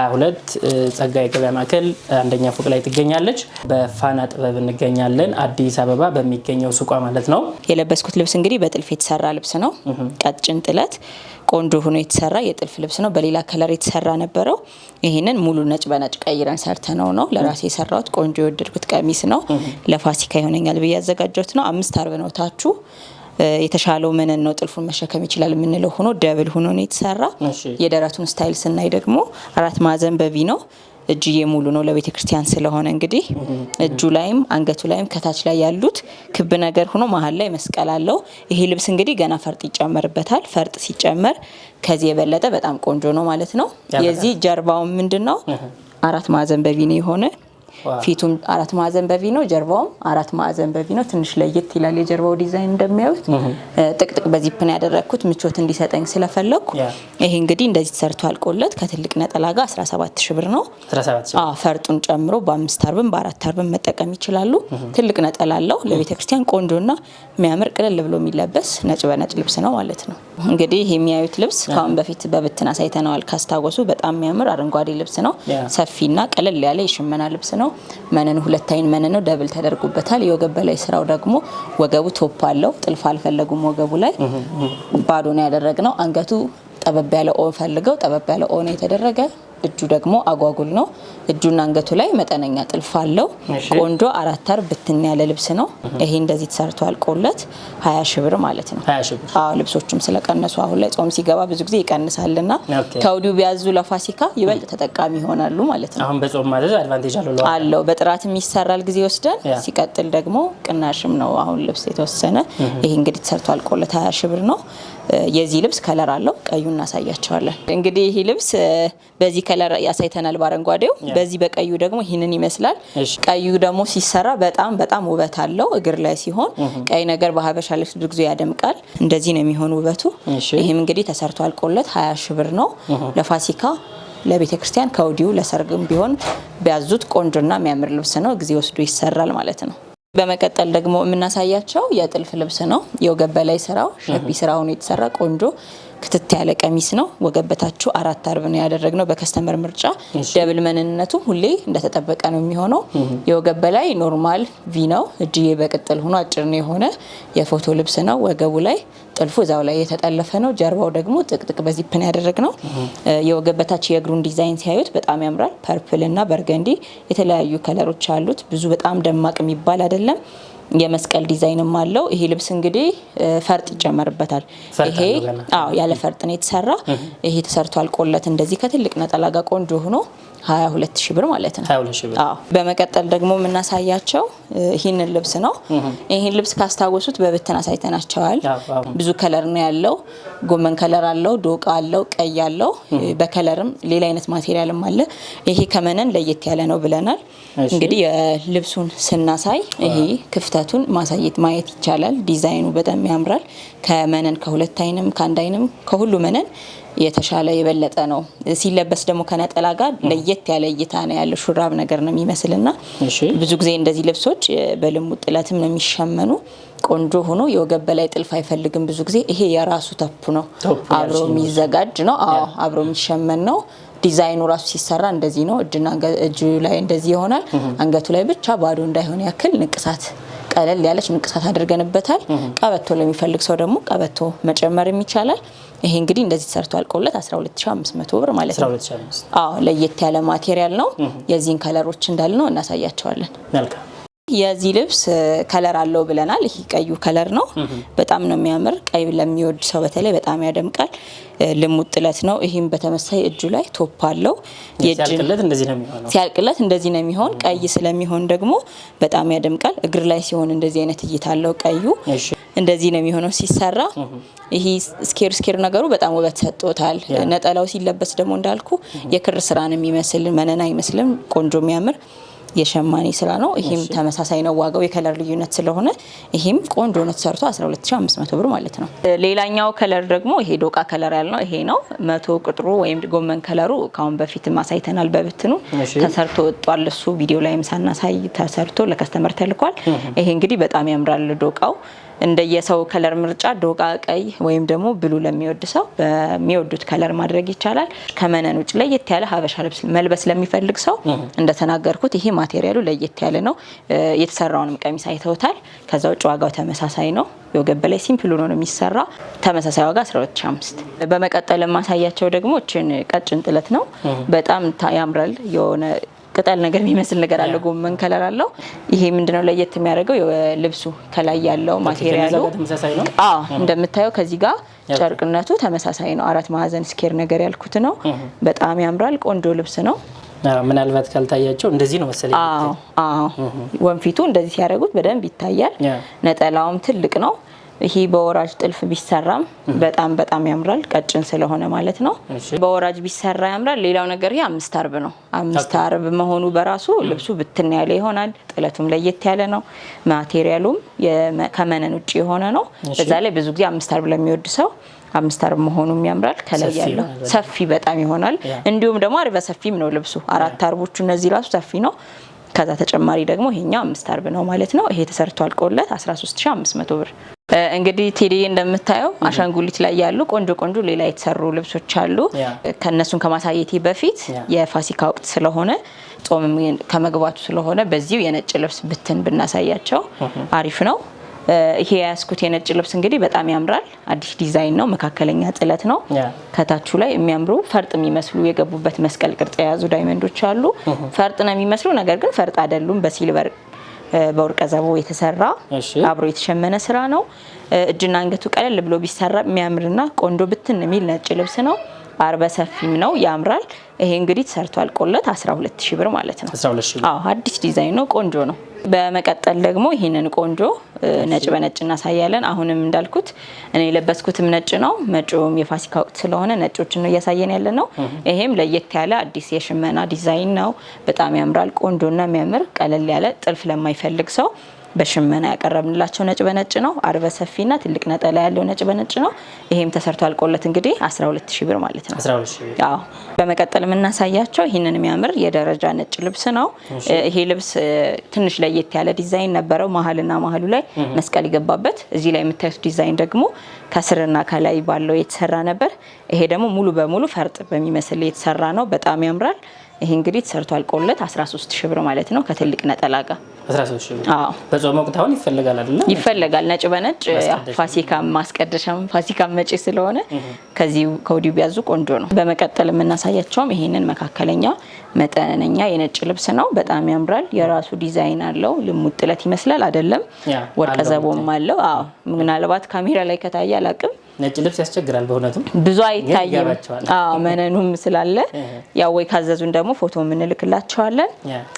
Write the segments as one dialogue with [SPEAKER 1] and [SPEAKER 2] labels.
[SPEAKER 1] 22 ጸጋ ገበያ ማዕከል አንደኛ ፎቅ ላይ ትገኛለች። በፋና ጥበብ እንገኛለን፣ አዲስ አበባ በሚገኘው ሱቋ ማለት ነው።
[SPEAKER 2] የለበስኩት ልብስ እንግዲህ በጥልፍ የተሰራ ልብስ ነው። ቀጭን ጥለት ቆንጆ ሆኖ የተሰራ የጥልፍ ልብስ ነው። በሌላ ከለር የተሰራ ነበረው። ይህንን ሙሉ ነጭ በነጭ ቀይረን ሰርተነው ነው ለራሴ የሰራሁት። ቆንጆ የወደድኩት ቀሚስ ነው። ለፋሲካ ይሆነኛል ብዬ ያዘጋጀሁት ነው። አምስት አርብ ነው ታችሁ የተሻለው መነን ነው ጥልፉን መሸከም ይችላል የምንለው ሆኖ ደብል ሆኖ ነው የተሰራ። የደረቱን ስታይል ስናይ ደግሞ አራት ማዕዘን በቪ ነው። እጅዬ ሙሉ ነው ለቤተ ክርስቲያን ስለሆነ እንግዲህ እጁ ላይም አንገቱ ላይም ከታች ላይ ያሉት ክብ ነገር ሆኖ መሀል ላይ መስቀል አለው። ይሄ ልብስ እንግዲህ ገና ፈርጥ ይጨመርበታል። ፈርጥ ሲጨመር ከዚህ የበለጠ በጣም ቆንጆ ነው ማለት ነው። የዚህ ጀርባውን ምንድን ነው አራት ማዕዘን በቪ ነው የሆነ ፊቱም አራት ማዕዘን በቪ ነው፣ ጀርባውም አራት ማዕዘን በቪ ነው። ትንሽ ለየት ይላል የጀርባው ዲዛይን እንደሚያዩት። ጥቅጥቅ በዚፕ ነው ያደረግኩት ምቾት እንዲሰጠኝ ስለፈለግኩ። ይሄ እንግዲህ እንደዚህ ተሰርቶ አልቆለት ከትልቅ ነጠላ ጋር 17 ሺ ብር ነው። ፈርጡን ጨምሮ በአምስት አርብን በአራት አርብን መጠቀም ይችላሉ። ትልቅ ነጠላ አለው። ለቤተክርስቲያን ቆንጆና የሚያምር ቅልል ብሎ የሚለበስ ነጭ በነጭ ልብስ ነው ማለት ነው። እንግዲህ ይሄ የሚያዩት ልብስ ከአሁን በፊት በብትን አሳይተነዋል ካስታወሱ። በጣም የሚያምር አረንጓዴ ልብስ ነው። ሰፊና ቀለል ያለ የሽመና ልብስ ነው። ነው። መነን ሁለት አይን መነን ነው። ደብል ተደርጎበታል። የወገብ በላይ ስራው ደግሞ ወገቡ ቶፕ አለው። ጥልፍ አልፈለጉም። ወገቡ ላይ ባዶ ነው ያደረግነው። አንገቱ ጠበብ ያለ ኦ ፈልገው ጠበብ ያለ ኦ ነው የተደረገ እጁ ደግሞ አጓጉል ነው። እጁና አንገቱ ላይ መጠነኛ ጥልፍ አለው። ቆንጆ አራት አር ብትን ያለ ልብስ ነው ይሄ። እንደዚህ ተሰርቶ አልቆለት ሀያ ሺ ብር ማለት ነው። አዎ ልብሶቹም ስለቀነሱ አሁን ላይ ጾም ሲገባ ብዙ ጊዜ ይቀንሳልና ከወዲሁ ቢያዙ ለፋሲካ ይበልጥ ተጠቃሚ ይሆናሉ ማለት
[SPEAKER 1] ነው። አሁን በጾም ማለት አድቫንቴጅ
[SPEAKER 2] አለው። በጥራትም ይሰራል ጊዜ ወስደን። ሲቀጥል ደግሞ ቅናሽም ነው አሁን ልብስ የተወሰነ ይሄ እንግዲህ ተሰርቶ አልቆለት ሀያ ሺ ብር ነው። የዚህ ልብስ ከለር አለው። ቀዩ እናሳያቸዋለን። እንግዲህ ይህ ልብስ በዚህ ከለር ያሳይተናል በአረንጓዴው። በዚህ በቀዩ ደግሞ ይህንን ይመስላል። ቀዩ ደግሞ ሲሰራ በጣም በጣም ውበት አለው። እግር ላይ ሲሆን ቀይ ነገር በሀበሻ ልብስ ብዙ ጊዜ ያደምቃል። እንደዚህ ነው የሚሆን ውበቱ። ይህም እንግዲህ ተሰርቶ አልቆለት ሀያ ሺ ብር ነው። ለፋሲካ ለቤተ ክርስቲያን ከወዲሁ ለሰርግም ቢሆን ቢያዙት ቆንጆና የሚያምር ልብስ ነው። ጊዜ ወስዶ ይሰራል ማለት ነው። በመቀጠል ደግሞ የምናሳያቸው የጥልፍ ልብስ ነው። የወገብ በላይ ስራው ሸፒ ስራውን የተሰራ ቆንጆ ክትት ያለ ቀሚስ ነው። ወገበታችሁ አራት አርብ ነው ያደረግነው በከስተመር ምርጫ። ደብል መንነቱ ሁሌ እንደተጠበቀ ነው የሚሆነው። የወገብ በላይ ኖርማል ቪ ነው። እጅዬ በቅጥል ሆኖ አጭር ነው የሆነ የፎቶ ልብስ ነው። ወገቡ ላይ ጥልፉ እዛው ላይ የተጠለፈ ነው። ጀርባው ደግሞ ጥቅጥቅ ያደረግ ነው የወገብ የወገበታች የእግሩን ዲዛይን ሲያዩት በጣም ያምራል። ፐርፕል እና በርገንዲ የተለያዩ ከለሮች አሉት። ብዙ በጣም ደማቅ የሚባል አይደለም። የመስቀል ዲዛይንም አለው። ይሄ ልብስ እንግዲህ ፈርጥ ይጨመርበታል። ይሄ አዎ ያለ ፈርጥ ነው የተሰራ። ይሄ ተሰርቶ አልቆለት እንደዚህ ከትልቅ ነጠላ ጋር ቆንጆ ሆኖ 22 ሺ ብር ማለት ነው። አዎ በመቀጠል ደግሞ የምናሳያቸው ይህንን ልብስ ነው። ይህን ልብስ ካስታወሱት በብትን አሳይተናቸዋል። ብዙ ከለር ነው ያለው ጎመን ከለር አለው፣ ዶቃ አለው፣ ቀይ አለው። በከለርም ሌላ አይነት ማቴሪያልም አለ። ይሄ ከመነን ለየት ያለ ነው ብለናል። እንግዲህ የልብሱን ስናሳይ ይሄ ክፍተቱን ማሳየት ማየት ይቻላል። ዲዛይኑ በጣም ያምራል። ከመነን ከሁለት አይንም ከአንድ አይንም ከሁሉ መነን የተሻለ የበለጠ ነው። ሲለበስ ደግሞ ከነጠላ ጋር ለየት ያለ እይታ ነው ያለው። ሹራብ ነገር ነው የሚመስልና ብዙ ጊዜ እንደዚህ ልብሶች በልሙጥ ጥለትም ነው የሚሸመኑ ቆንጆ ሆኖ የወገብ በላይ ጥልፍ አይፈልግም ብዙ ጊዜ። ይሄ የራሱ ተፕ ነው፣ አብሮ የሚዘጋጅ ነው። አዎ አብሮ የሚሸመን ነው። ዲዛይኑ ራሱ ሲሰራ እንደዚህ ነው። እጅና እጁ ላይ እንደዚህ ይሆናል። አንገቱ ላይ ብቻ ባዶ እንዳይሆን ያክል ንቅሳት ቀለል ያለች ንቅሳት አድርገንበታል። ቀበቶ ለሚፈልግ ሰው ደግሞ ቀበቶ መጨመርም ይቻላል። ይሄ እንግዲህ እንደዚህ ሰርቶ አልቆለት 12500 ብር ማለት ነው። አዎ ለየት ያለ ማቴሪያል ነው። የዚህን ከለሮች እንዳልነው እናሳያቸዋለን። የዚህ ልብስ ከለር አለው ብለናል። ይህ ቀዩ ከለር ነው። በጣም ነው የሚያምር። ቀይ ለሚወድ ሰው በተለይ በጣም ያደምቃል። ልሙጥ ጥለት ነው። ይህም በተመሳይ እጁ ላይ ቶፕ አለው።
[SPEAKER 1] ሲያልቅለት እንደዚህ
[SPEAKER 2] ነው የሚሆን። ቀይ ስለሚሆን ደግሞ በጣም ያደምቃል። እግር ላይ ሲሆን እንደዚህ አይነት እይታ አለው። ቀዩ እንደዚህ ነው የሚሆነው ሲሰራ። ይህ ስኬር ስኬር ነገሩ በጣም ውበት ሰጥቶታል። ነጠላው ሲለበስ ደግሞ እንዳልኩ የክር ስራን የሚመስል መነን አይመስልም። ቆንጆ የሚያምር የሸማኔ ስራ ነው። ይህም ተመሳሳይ ነው። ዋጋው የከለር ልዩነት ስለሆነ ይህም ቆንጆ ነው ተሰርቶ 12500 ብር ማለት ነው። ሌላኛው ከለር ደግሞ ይሄ ዶቃ ከለር ያልነው ይሄ ነው። መቶ ቁጥሩ ወይም ጎመን ከለሩ ካሁን በፊት ማሳይተናል። በብትኑ ተሰርቶ ወጧል። እሱ ቪዲዮ ላይም ሳናሳይ ተሰርቶ ለከስተመር ተልኳል። ይሄ እንግዲህ በጣም ያምራል ዶቃው እንደየሰው ከለር ምርጫ ዶቃ ቀይ ወይም ደግሞ ብሉ ለሚወድ ሰው በሚወዱት ከለር ማድረግ ይቻላል። ከመነን ውጭ ለየት ያለ ሀበሻ ልብስ መልበስ ለሚፈልግ ሰው እንደተናገርኩት ይሄ ማቴሪያሉ ለየት ያለ ነው። የተሰራውንም ቀሚስ አይተውታል። ከዛ ውጭ ዋጋው ተመሳሳይ ነው። የወገብ በላይ ሲምፕል ሆኖ ነው የሚሰራ። ተመሳሳይ ዋጋ 1205። በመቀጠል የማሳያቸው ደግሞ እችን ቀጭን ጥለት ነው። በጣም ያምራል የሆነ ቅጠል ነገር የሚመስል ነገር አለው። ጎመን ከለር አለው። ይሄ ምንድነው ለየት የሚያደርገው ልብሱ ከላይ ያለው ማቴሪያሉ እንደምታየው ከዚህ ጋር ጨርቅነቱ ተመሳሳይ ነው። አራት ማዕዘን ስኬር ነገር ያልኩት ነው። በጣም ያምራል። ቆንጆ ልብስ ነው።
[SPEAKER 1] ምናልባት ካልታያቸው እንደዚህ ነው መሰለኝ።
[SPEAKER 2] ወንፊቱ እንደዚህ ሲያደርጉት በደንብ ይታያል። ነጠላውም ትልቅ ነው። ይሄ በወራጅ ጥልፍ ቢሰራም በጣም በጣም ያምራል። ቀጭን ስለሆነ ማለት ነው። በወራጅ ቢሰራ ያምራል። ሌላው ነገር ይሄ አምስት አርብ ነው። አምስት አርብ መሆኑ በራሱ ልብሱ ብትን ያለ ይሆናል። ጥለቱም ለየት ያለ ነው። ማቴሪያሉም ከመነን ውጭ የሆነ ነው። በዛ ላይ ብዙ ጊዜ አምስት አርብ ለሚወድ ሰው አምስት አርብ መሆኑም ያምራል። ከላይ ያለው ሰፊ በጣም ይሆናል። እንዲሁም ደግሞ አርበ ሰፊም ነው ልብሱ። አራት አርቦቹ እነዚህ ራሱ ሰፊ ነው። ከዛ ተጨማሪ ደግሞ ይሄኛው አምስት አርብ ነው ማለት ነው። ይሄ ተሰርቶ አልቆለት 13500 ብር። እንግዲህ ቴዲ እንደምታየው አሻንጉሊት ላይ ያሉ ቆንጆ ቆንጆ ሌላ የተሰሩ ልብሶች አሉ። ከእነሱን ከማሳየቴ በፊት የፋሲካ ወቅት ስለሆነ ጾም ከመግባቱ ስለሆነ በዚሁ የነጭ ልብስ ብትን ብናሳያቸው አሪፍ ነው። ይሄ የያዝኩት የነጭ ልብስ እንግዲህ በጣም ያምራል። አዲስ ዲዛይን ነው፣ መካከለኛ ጥለት ነው። ከታቹ ላይ የሚያምሩ ፈርጥ የሚመስሉ የገቡበት መስቀል ቅርጽ የያዙ ዳይመንዶች አሉ። ፈርጥ ነው የሚመስሉ፣ ነገር ግን ፈርጥ አይደሉም። በሲልቨር በወርቀ ዘቦ የተሰራ አብሮ የተሸመነ ስራ ነው። እጅና አንገቱ ቀለል ብሎ ቢሰራ የሚያምርና ቆንጆ ብትን የሚል ነጭ ልብስ ነው። አርበ ሰፊም ነው ያምራል። ይሄ እንግዲህ ተሰርቶ አልቆለት 12000 ብር ማለት ነው። አዎ አዲስ ዲዛይን ነው፣ ቆንጆ ነው። በመቀጠል ደግሞ ይህንን ቆንጆ ነጭ በነጭ እናሳያለን። አሁንም እንዳልኩት እኔ የለበስኩትም ነጭ ነው። መጪውም የፋሲካ ወቅት ስለሆነ ነጮችን ነው እያሳየን ያለ ነው። ይሄም ለየት ያለ አዲስ የሽመና ዲዛይን ነው። በጣም ያምራል። ቆንጆና የሚያምር ቀለል ያለ ጥልፍ ለማይፈልግ ሰው በሽመና ያቀረብንላቸው ነጭ በነጭ ነው። አርበ ሰፊና ትልቅ ነጠላ ያለው ነጭ በነጭ ነው። ይሄም ተሰርቶ አልቆለት እንግዲህ ሺ ብር ማለት ነው። አዎ። በመቀጠል የምናሳያቸው ይህንን የሚያምር የደረጃ ነጭ ልብስ ነው። ይሄ ልብስ ትንሽ ለየት ያለ ዲዛይን ነበረው። መሀልና መሀሉ ላይ መስቀል ይገባበት እዚህ ላይ የምታዩት ዲዛይን ደግሞ ከስርና ከላይ ባለው የተሰራ ነበር። ይሄ ደግሞ ሙሉ በሙሉ ፈርጥ በሚመስል የተሰራ ነው። በጣም ያምራል። ይሄ እንግዲህ ተሰርቷል አልቆለት 13 ሺህ ብር ማለት ነው ከትልቅ ነጠላ ጋር
[SPEAKER 1] 13 ሺህ ብር። አዎ በጾም ወቅት አሁን ይፈልጋል አይደል?
[SPEAKER 2] ይፈልጋል ነጭ በነጭ ፋሲካ ማስቀደሻም ፋሲካ መጪ ስለሆነ ከዚህ ከወዲሁ ቢያዙ ቆንጆ ነው። በመቀጠል የምናሳያቸውም ይሄንን መካከለኛ መጠነኛ የነጭ ልብስ ነው። በጣም ያምራል። የራሱ ዲዛይን አለው። ልሙጥ ጥለት ይመስላል አይደለም? ወርቀ ዘቦም አለው። አዎ ምናልባት ካሜራ ላይ ከታየ አላቅም
[SPEAKER 1] ነጭ ልብስ ያስቸግራል። በእውነቱ
[SPEAKER 2] ብዙ አይታይም መነኑም ስላለ ያው ወይ ካዘዙን ደግሞ ፎቶ የምንልክላቸዋለን።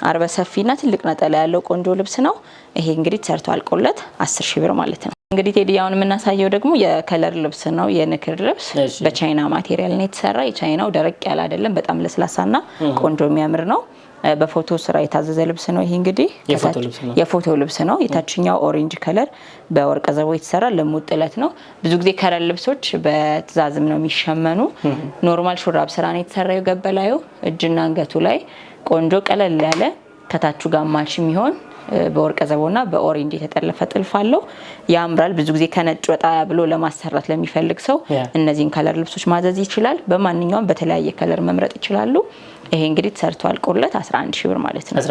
[SPEAKER 2] አርበ ሰፊና ትልቅ ነጠላ ያለው ቆንጆ ልብስ ነው ይሄ እንግዲህ ሰርቶ አልቆለት አስር ሺህ ብር ማለት ነው። እንግዲህ ቴዲያውን የምናሳየው ደግሞ የከለር ልብስ ነው። የንክር ልብስ በቻይና ማቴሪያል ነው የተሰራ። የቻይናው ደረቅ ያለ አይደለም፣ በጣም ለስላሳና ቆንጆ የሚያምር ነው። በፎቶ ስራ የታዘዘ ልብስ ነው። ይሄ እንግዲህ የፎቶ ልብስ ነው። የታችኛው ኦሬንጅ ከለር በወርቀ ዘቦ የተሰራ ልሙጥ ጥለት ነው። ብዙ ጊዜ ከለር ልብሶች በትዛዝም ነው የሚሸመኑ። ኖርማል ሹራብ ስራ ነው የተሰራ። የገበላዩ እጅና አንገቱ ላይ ቆንጆ ቀለል ያለ ከታቹ ጋማሽ የሚሆን በወርቀ ዘቦና በኦሬንጅ የተጠለፈ ጥልፍ አለው። ያምራል። ብዙ ጊዜ ከነጭ ወጣ ብሎ ለማሰራት ለሚፈልግ ሰው እነዚህን ከለር ልብሶች ማዘዝ ይችላል። በማንኛውም በተለያየ ከለር መምረጥ ይችላሉ። ይሄ እንግዲህ ሰርቶ አልቆለት 11 ሺህ ብር ማለት ነው።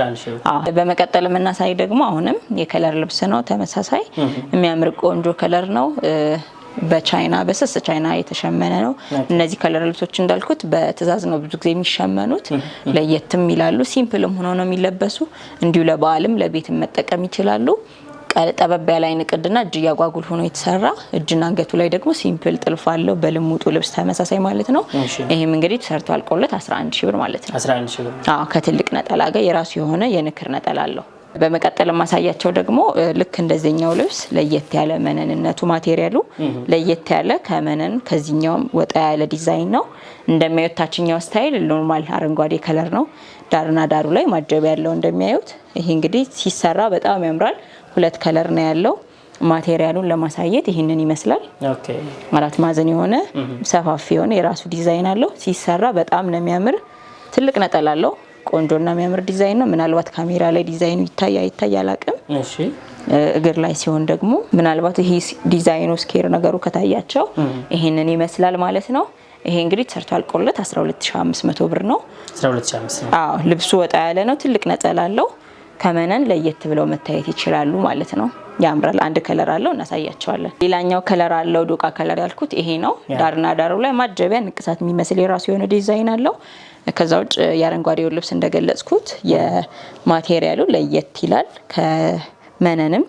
[SPEAKER 2] በመቀጠል የምናሳይ ደግሞ አሁንም የከለር ልብስ ነው። ተመሳሳይ የሚያምር ቆንጆ ከለር ነው። በቻይና በስስ ቻይና የተሸመነ ነው። እነዚህ ከለር ልብሶች እንዳልኩት በትእዛዝ ነው ብዙ ጊዜ የሚሸመኑት። ለየትም ይላሉ፣ ሲምፕልም ሆኖ ነው የሚለበሱ። እንዲሁ ለበዓልም ለቤትም መጠቀም ይችላሉ። ጠበብ ያለ አይን ቅድና እጅ እያጓጉል ሆኖ የተሰራ እጅና አንገቱ ላይ ደግሞ ሲምፕል ጥልፍ አለው። በልሙጡ ልብስ ተመሳሳይ ማለት ነው። ይህም እንግዲህ ተሰርቶ አልቆለት 11 ሺ ብር ማለት
[SPEAKER 1] ነው።
[SPEAKER 2] ከትልቅ ነጠላ ጋር የራሱ የሆነ የንክር ነጠላ አለው። በመቀጠል የማሳያቸው ደግሞ ልክ እንደዚህኛው ልብስ ለየት ያለ መነንነቱ ማቴሪያሉ ለየት ያለ ከመነን ከዚህኛውም ወጣ ያለ ዲዛይን ነው። እንደሚያዩት ታችኛው ስታይል ኖርማል አረንጓዴ ከለር ነው። ዳርና ዳሩ ላይ ማጀብ ያለው እንደሚያዩት ይሄ እንግዲህ ሲሰራ በጣም ያምራል። ሁለት ከለር ነው ያለው። ማቴሪያሉን ለማሳየት ይህንን ይመስላል። አራት ማዕዘን የሆነ ሰፋፊ የሆነ የራሱ ዲዛይን አለው። ሲሰራ በጣም ነው የሚያምር። ትልቅ ነጠላ አለው። ቆንጆና የሚያምር ዲዛይን ነው። ምናልባት ካሜራ ላይ ዲዛይኑ ይታይ አይታይ አላቅም። እግር ላይ ሲሆን ደግሞ ምናልባት ይሄ ዲዛይኑ ስኬር ነገሩ ከታያቸው ይሄንን ይመስላል ማለት ነው። ይሄ እንግዲህ ሰርቶ አልቆለት 12500 ብር ነው። አዎ ልብሱ ወጣ ያለ ነው። ትልቅ ነጠላ አለው። ከመነን ለየት ብለው መታየት ይችላሉ ማለት ነው። ያምራል። አንድ ከለር አለው፣ እናሳያቸዋለን። ሌላኛው ከለር አለው ዶቃ ከለር ያልኩት ይሄ ነው። ዳርና ዳሩ ላይ ማጀቢያ ንቅሳት የሚመስል የራሱ የሆነ ዲዛይን አለው። ከዛ ውጭ የአረንጓዴው ልብስ እንደገለጽኩት የማቴሪያሉ ለየት ይላል ከመነንም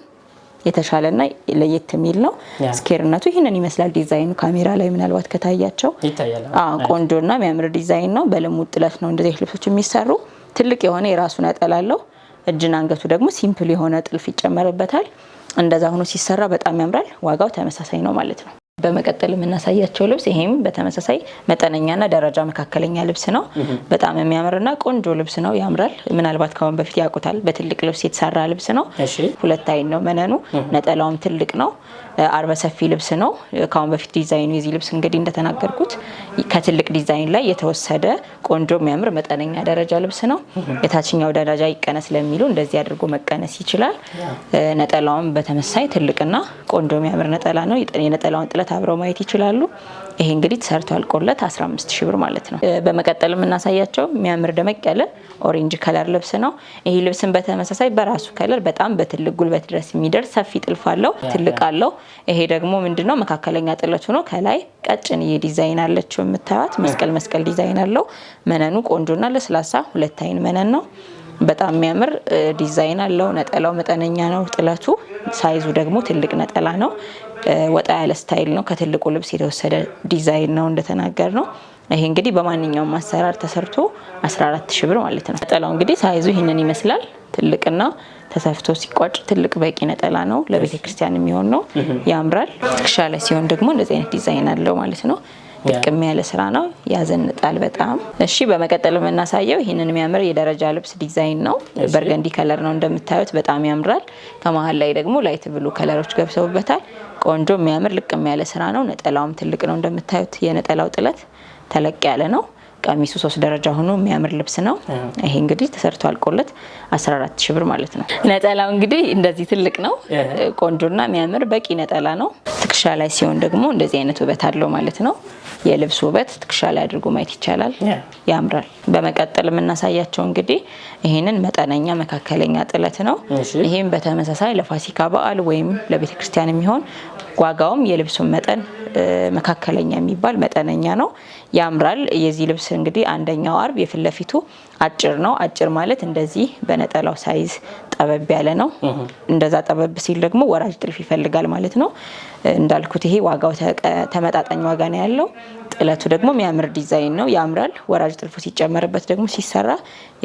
[SPEAKER 2] የተሻለና ለየት የሚል ነው። ስኬርነቱ ይህንን ይመስላል ዲዛይኑ። ካሜራ ላይ ምናልባት ከታያቸው ቆንጆና የሚያምር ዲዛይን ነው። በልሙጥ ጥለት ነው እንደዚህ ልብሶች የሚሰሩ። ትልቅ የሆነ የራሱ ያጠላለው አለው። እጅና አንገቱ ደግሞ ሲምፕል የሆነ ጥልፍ ይጨመርበታል። እንደዛ ሆኖ ሲሰራ በጣም ያምራል። ዋጋው ተመሳሳይ ነው ማለት ነው። በመቀጠል የምናሳያቸው ልብስ ይሄም በተመሳሳይ መጠነኛና ደረጃ መካከለኛ ልብስ ነው። በጣም የሚያምርና ቆንጆ ልብስ ነው፣ ያምራል። ምናልባት ከአሁን በፊት ያውቁታል። በትልቅ ልብስ የተሰራ ልብስ ነው። ሁለት አይን ነው መነኑ፣ ነጠላውም ትልቅ ነው። አርበ ሰፊ ልብስ ነው። ከአሁን በፊት ዲዛይኑ የዚህ ልብስ እንግዲህ እንደተናገርኩት ከትልቅ ዲዛይን ላይ የተወሰደ ቆንጆ የሚያምር መጠነኛ ደረጃ ልብስ ነው። የታችኛው ደረጃ ይቀነስ ለሚሉ እንደዚህ አድርጎ መቀነስ ይችላል። ነጠላውም በተመሳይ ትልቅና ቆንጆ የሚያምር ነጠላ ነው። የነጠላውን ጥለት በብዛት አብረው ማየት ይችላሉ። ይሄ እንግዲህ ተሰርቶ አልቆለት 15 ሺ ብር ማለት ነው። በመቀጠል የምናሳያቸው የሚያምር ደመቅ ያለ ኦሬንጅ ከለር ልብስ ነው። ይሄ ልብስን በተመሳሳይ በራሱ ከለር በጣም በትልቅ ጉልበት ድረስ የሚደርስ ሰፊ ጥልፍ አለው፣ ትልቅ አለው። ይሄ ደግሞ ምንድነው መካከለኛ ጥለት ሆኖ ከላይ ቀጭን ዲዛይን አለችው የምታዩት መስቀል መስቀል ዲዛይን አለው። መነኑ ቆንጆና ለስላሳ ሁለት አይን መነን ነው። በጣም የሚያምር ዲዛይን አለው። ነጠላው መጠነኛ ነው። ጥለቱ ሳይዙ ደግሞ ትልቅ ነጠላ ነው። ወጣ ያለ ስታይል ነው። ከትልቁ ልብስ የተወሰደ ዲዛይን ነው እንደተናገር ነው። ይሄ እንግዲህ በማንኛውም አሰራር ተሰርቶ 14 ሺ ብር ማለት ነው። ነጠላው እንግዲህ ሳይዙ ይህንን ይመስላል። ትልቅና ተሰፍቶ ሲቋጭ ትልቅ በቂ ነጠላ ነው። ለቤተ ክርስቲያን የሚሆን ነው። ያምራል። ትከሻ ላይ ሲሆን ደግሞ እንደዚህ አይነት ዲዛይን አለው ማለት ነው። ጥቅም ያለ ስራ ነው። ያዘንጣል በጣም እሺ። በመቀጠል የምናሳየው ይህንን የሚያምር የደረጃ ልብስ ዲዛይን ነው። በርገንዲ ከለር ነው እንደምታዩት፣ በጣም ያምራል። ከመሀል ላይ ደግሞ ላይት ብሉ ከለሮች ገብሰውበታል። ቆንጆ የሚያምር ልቅም ያለ ስራ ነው። ነጠላውም ትልቅ ነው እንደምታዩት። የነጠላው ጥለት ተለቅ ያለ ነው። ቀሚሱ ሶስት ደረጃ ሆኖ የሚያምር ልብስ ነው። ይሄ እንግዲህ ተሰርቶ አልቆለት 14 ሺህ ብር ማለት ነው። ነጠላው እንግዲህ እንደዚህ ትልቅ ነው። ቆንጆና የሚያምር በቂ ነጠላ ነው። ትከሻ ላይ ሲሆን ደግሞ እንደዚህ አይነት ውበት አለው ማለት ነው። የልብስ ውበት ትከሻ ላይ አድርጎ ማየት ይቻላል። ያምራል። በመቀጠል የምናሳያቸው እንግዲህ ይህንን መጠነኛ መካከለኛ ጥለት ነው። ይህም በተመሳሳይ ለፋሲካ በዓል ወይም ለቤተ ክርስቲያን የሚሆን ዋጋውም የልብሱን መጠን መካከለኛ የሚባል መጠነኛ ነው። ያምራል። የዚህ ልብስ እንግዲህ አንደኛው አርብ የፊት ለፊቱ አጭር ነው። አጭር ማለት እንደዚህ በነጠላው ሳይዝ ጠበብ ያለ ነው። እንደዛ ጠበብ ሲል ደግሞ ወራጅ ጥልፍ ይፈልጋል ማለት ነው። እንዳልኩት ይሄ ዋጋው ተመጣጣኝ ዋጋ ነው ያለው። ጥለቱ ደግሞ የሚያምር ዲዛይን ነው፣ ያምራል። ወራጅ ጥልፉ ሲጨመርበት ደግሞ ሲሰራ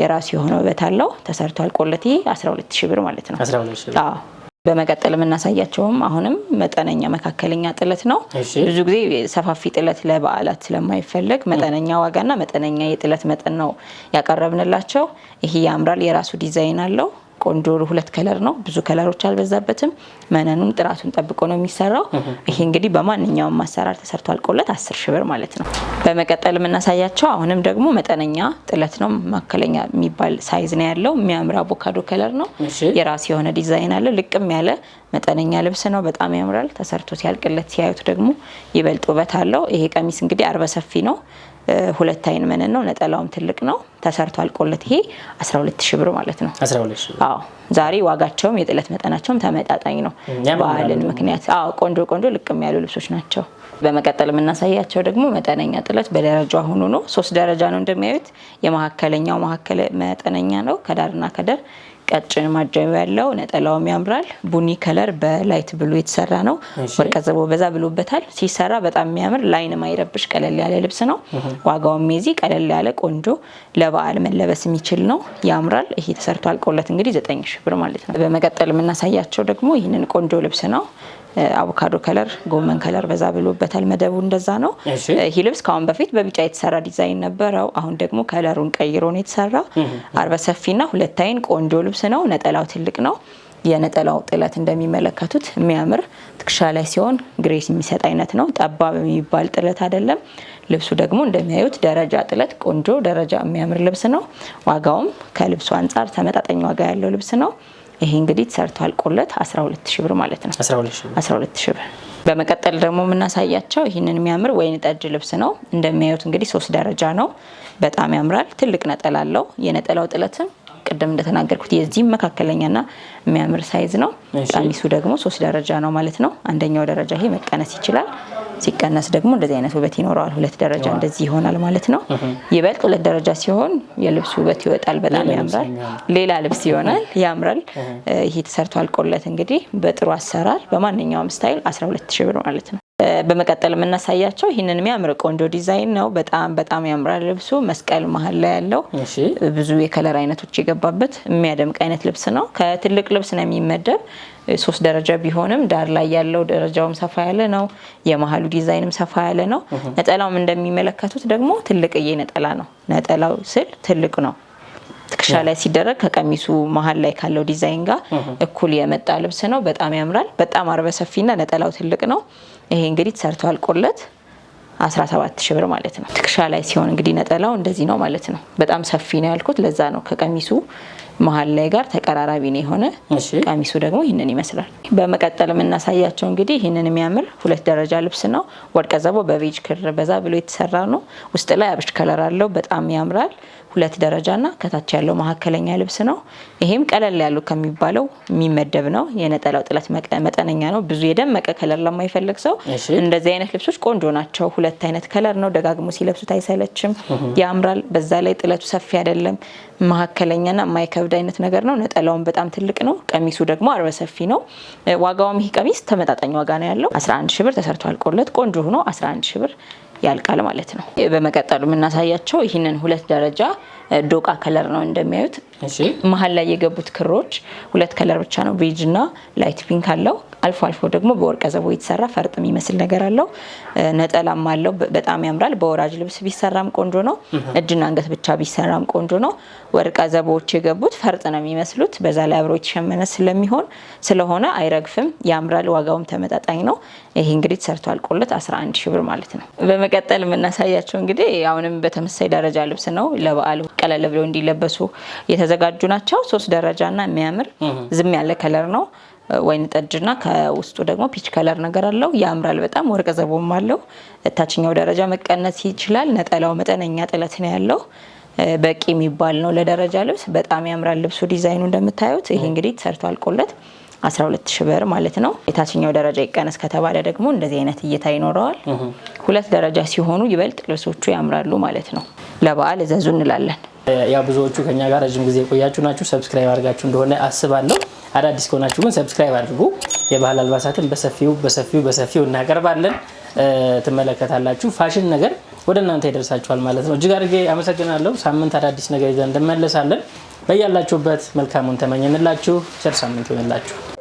[SPEAKER 2] የራሱ የሆነ ውበት አለው። ተሰርቷል። ቆለት ይሄ 12 ሺ ብር ማለት ነው። አዎ። በመቀጠል የምናሳያቸውም አሁንም መጠነኛ መካከለኛ ጥለት ነው። ብዙ ጊዜ ሰፋፊ ጥለት ለበዓላት ስለማይፈለግ መጠነኛ ዋጋና መጠነኛ የጥለት መጠን ነው ያቀረብንላቸው። ይሄ ያምራል፣ የራሱ ዲዛይን አለው። ቆንጆ ሁለት ከለር ነው። ብዙ ከለሮች አልበዛበትም። መነኑም ጥራቱን ጠብቆ ነው የሚሰራው። ይሄ እንግዲህ በማንኛውም ማሰራር ተሰርቶ አልቆለት አስር ሺ ብር ማለት ነው። በመቀጠል የምናሳያቸው አሁንም ደግሞ መጠነኛ ጥለት ነው። መካከለኛ የሚባል ሳይዝ ነው ያለው። የሚያምር አቮካዶ ከለር ነው። የራሱ የሆነ ዲዛይን አለው። ልቅም ያለ መጠነኛ ልብስ ነው። በጣም ያምራል። ተሰርቶ ሲያልቅለት ሲያዩት ደግሞ ይበልጥ ውበት አለው። ይሄ ቀሚስ እንግዲህ አርበ ሰፊ ነው። ሁለት አይን መነን ነው። ነጠላውም ትልቅ ነው ተሰርቶ አልቆለት። ይሄ 12 ሺህ ብር ማለት ነው። አዎ ዛሬ ዋጋቸውም የጥለት መጠናቸውም ተመጣጣኝ ነው። በዓልን ምክንያት አዎ ቆንጆ ቆንጆ ልቅም ያሉ ልብሶች ናቸው። በመቀጠል የምናሳያቸው ደግሞ መጠነኛ ጥለት በደረጃ ሆኖ ነው። ሶስት ደረጃ ነው እንደሚያዩት። የመካከለኛው መካከል መጠነኛ ነው ከዳርና ከዳር ቀጭን ማጀብ ያለው ነጠላውም ያምራል። ቡኒ ከለር በላይት ብሉ የተሰራ ነው። ወርቀ በዛ ብሎበታል። ሲሰራ በጣም የሚያምር ላይን ማይረብሽ ቀለል ያለ ልብስ ነው። ዋጋውም የዚህ ቀለል ያለ ቆንጆ ለበዓል መለበስ የሚችል ነው። ያምራል። ይሄ ተሰርቶ አልቆለት እንግዲህ ዘጠኝ ሺ ብር ማለት ነው። በመቀጠል የምናሳያቸው ደግሞ ይህንን ቆንጆ ልብስ ነው። አቮካዶ ከለር፣ ጎመን ከለር በዛ ብሎበታል። መደቡ እንደዛ ነው። ይህ ልብስ ከአሁን በፊት በቢጫ የተሰራ ዲዛይን ነበረው። አሁን ደግሞ ከለሩን ቀይሮ ነው የተሰራ። አርበ ሰፊና ሁለት አይን ቆንጆ ልብስ ነው። ነጠላው ትልቅ ነው። የነጠላው ጥለት እንደሚመለከቱት የሚያምር ትከሻ ላይ ሲሆን ግሬስ የሚሰጥ አይነት ነው። ጠባብ የሚባል ጥለት አይደለም። ልብሱ ደግሞ እንደሚያዩት ደረጃ ጥለት፣ ቆንጆ ደረጃ የሚያምር ልብስ ነው። ዋጋውም ከልብሱ አንጻር ተመጣጣኝ ዋጋ ያለው ልብስ ነው። ይሄ እንግዲህ ተሰርቶ አልቆለት 12000 ብር ማለት ነው። 12000 ብር። በመቀጠል ደግሞ የምናሳያቸው ይህንን የሚያምር ወይን ጠጅ ልብስ ነው። እንደሚያዩት እንግዲህ ሶስት ደረጃ ነው። በጣም ያምራል። ትልቅ ነጠላ አለው። የነጠላው ጥለትም ቅድም እንደተናገርኩት የዚህም መካከለኛና የሚያምር ሳይዝ ነው። ቀሚሱ ደግሞ ሶስት ደረጃ ነው ማለት ነው። አንደኛው ደረጃ ይሄ መቀነስ ይችላል። ሲቀነስ ደግሞ እንደዚህ አይነት ውበት ይኖረዋል። ሁለት ደረጃ እንደዚህ ይሆናል ማለት ነው። ይበልጥ ሁለት ደረጃ ሲሆን የልብሱ ውበት ይወጣል። በጣም ያምራል። ሌላ ልብስ ይሆናል። ያምራል። ይሄ ተሰርቶ አልቆለት እንግዲህ በጥሩ አሰራር በማንኛውም ስታይል 12 ሺ ብር ማለት ነው። በመቀጠል የምናሳያቸው ይህንን የሚያምር ቆንጆ ዲዛይን ነው። በጣም በጣም ያምራል ልብሱ። መስቀል መሀል ላይ ያለው ብዙ የከለር አይነቶች የገባበት የሚያደምቅ አይነት ልብስ ነው። ከትልቅ ልብስ ነው የሚመደብ ሶስት ደረጃ ቢሆንም ዳር ላይ ያለው ደረጃውም ሰፋ ያለ ነው። የመሀሉ ዲዛይንም ሰፋ ያለ ነው። ነጠላውም እንደሚመለከቱት ደግሞ ትልቅዬ ነጠላ ነው። ነጠላው ስል ትልቅ ነው። ትከሻ ላይ ሲደረግ ከቀሚሱ መሀል ላይ ካለው ዲዛይን ጋር እኩል የመጣ ልብስ ነው። በጣም ያምራል። በጣም አርበ ሰፊና ነጠላው ትልቅ ነው። ይሄ እንግዲህ ተሰርቶ አልቆለት 17 ሺህ ብር ማለት ነው። ትከሻ ላይ ሲሆን እንግዲህ ነጠላው እንደዚህ ነው ማለት ነው። በጣም ሰፊ ነው ያልኩት ለዛ ነው። ከቀሚሱ መሀል ላይ ጋር ተቀራራቢ ነው የሆነ። ቀሚሱ ደግሞ ይህንን ይመስላል። በመቀጠል የምናሳያቸው እንግዲህ ይህንን የሚያምር ሁለት ደረጃ ልብስ ነው። ወርቀ ዘቦ በቤጅ ክር በዛ ብሎ የተሰራ ነው። ውስጥ ላይ አብሽ ከለር አለው። በጣም ያምራል። ሁለት ደረጃና ከታች ያለው መካከለኛ ልብስ ነው። ይሄም ቀለል ያሉ ከሚባለው የሚመደብ ነው። የነጠላው ጥለት መጠነኛ ነው። ብዙ የደመቀ ከለር ለማይፈልግ ሰው እንደዚህ አይነት ልብሶች ቆንጆ ናቸው። ሁለት አይነት ከለር ነው። ደጋግሞ ሲለብሱት አይሰለችም፣ ያምራል። በዛ ላይ ጥለቱ ሰፊ አይደለም፣ መካከለኛና የማይከብድ አይነት ነገር ነው። ነጠላውን በጣም ትልቅ ነው። ቀሚሱ ደግሞ አርበ ሰፊ ነው። ዋጋውም ይህ ቀሚስ ተመጣጣኝ ዋጋ ነው ያለው። 11 ሺ ብር ተሰርቶ አልቆለት ቆንጆ ሆኖ 11 ሺ ብር ያልቃል ማለት ነው። በመቀጠሉ የምናሳያቸው ይህንን ሁለት ደረጃ ዶቃ ከለር ነው እንደሚያዩት። መሀል ላይ የገቡት ክሮች ሁለት ከለር ብቻ ነው፣ ቤጅ እና ላይት ፒንክ አለው። አልፎ አልፎ ደግሞ በወርቀ ዘቦ የተሰራ ፈርጥ የሚመስል ነገር አለው። ነጠላም አለው፣ በጣም ያምራል። በወራጅ ልብስ ቢሰራም ቆንጆ ነው። እጅና አንገት ብቻ ቢሰራም ቆንጆ ነው። ወርቀ ዘቦዎች የገቡት ፈርጥ ነው የሚመስሉት። በዛ ላይ አብሮ የተሸመነ ስለሚሆን ስለሆነ አይረግፍም፣ ያምራል። ዋጋውም ተመጣጣኝ ነው። ይሄ እንግዲህ ተሰርቶ አልቆለት 11 ሺ ብር ማለት ነው። በመቀጠል የምናሳያቸው እንግዲህ አሁንም በተመሳይ ደረጃ ልብስ ነው ለበዓል ቀለል ብለው እንዲለበሱ የተዘጋጁ ናቸው። ሶስት ደረጃና የሚያምር ዝም ያለ ከለር ነው። ወይን ጠጅና ከውስጡ ደግሞ ፒች ከለር ነገር አለው። ያምራል በጣም ወርቀ ዘቦም አለው። ታችኛው ደረጃ መቀነስ ይችላል። ነጠላው መጠነኛ ጥለት ነው ያለው። በቂ የሚባል ነው ለደረጃ ልብስ። በጣም ያምራል ልብሱ ዲዛይኑ እንደምታዩት። ይሄ እንግዲህ ሰርቶ አልቆለት 12 ሺህ ብር ማለት ነው። የታችኛው ደረጃ ይቀነስ ከተባለ ደግሞ እንደዚህ አይነት እይታ ይኖረዋል። ሁለት ደረጃ ሲሆኑ ይበልጥ ልብሶቹ ያምራሉ ማለት ነው። ለበዓል እዘዙ እንላለን።
[SPEAKER 1] ያው ብዙዎቹ ከኛ ጋር ረዥም ጊዜ የቆያችሁ ናችሁ። ሰብስክራይብ አድርጋችሁ እንደሆነ አስባለሁ። አዳዲስ ከሆናችሁ ግን ሰብስክራይብ አድርጉ። የባህል አልባሳትን በሰፊው በሰፊው በሰፊው እናቀርባለን፣ ትመለከታላችሁ። ፋሽን ነገር ወደ እናንተ ይደርሳችኋል ማለት ነው። እጅግ አድርጌ አመሰግናለሁ። ሳምንት አዳዲስ ነገር ይዘን እንመለሳለን። በያላችሁበት መልካሙን ተመኘንላችሁ። ቸር ሳምንት ይሆንላችሁ።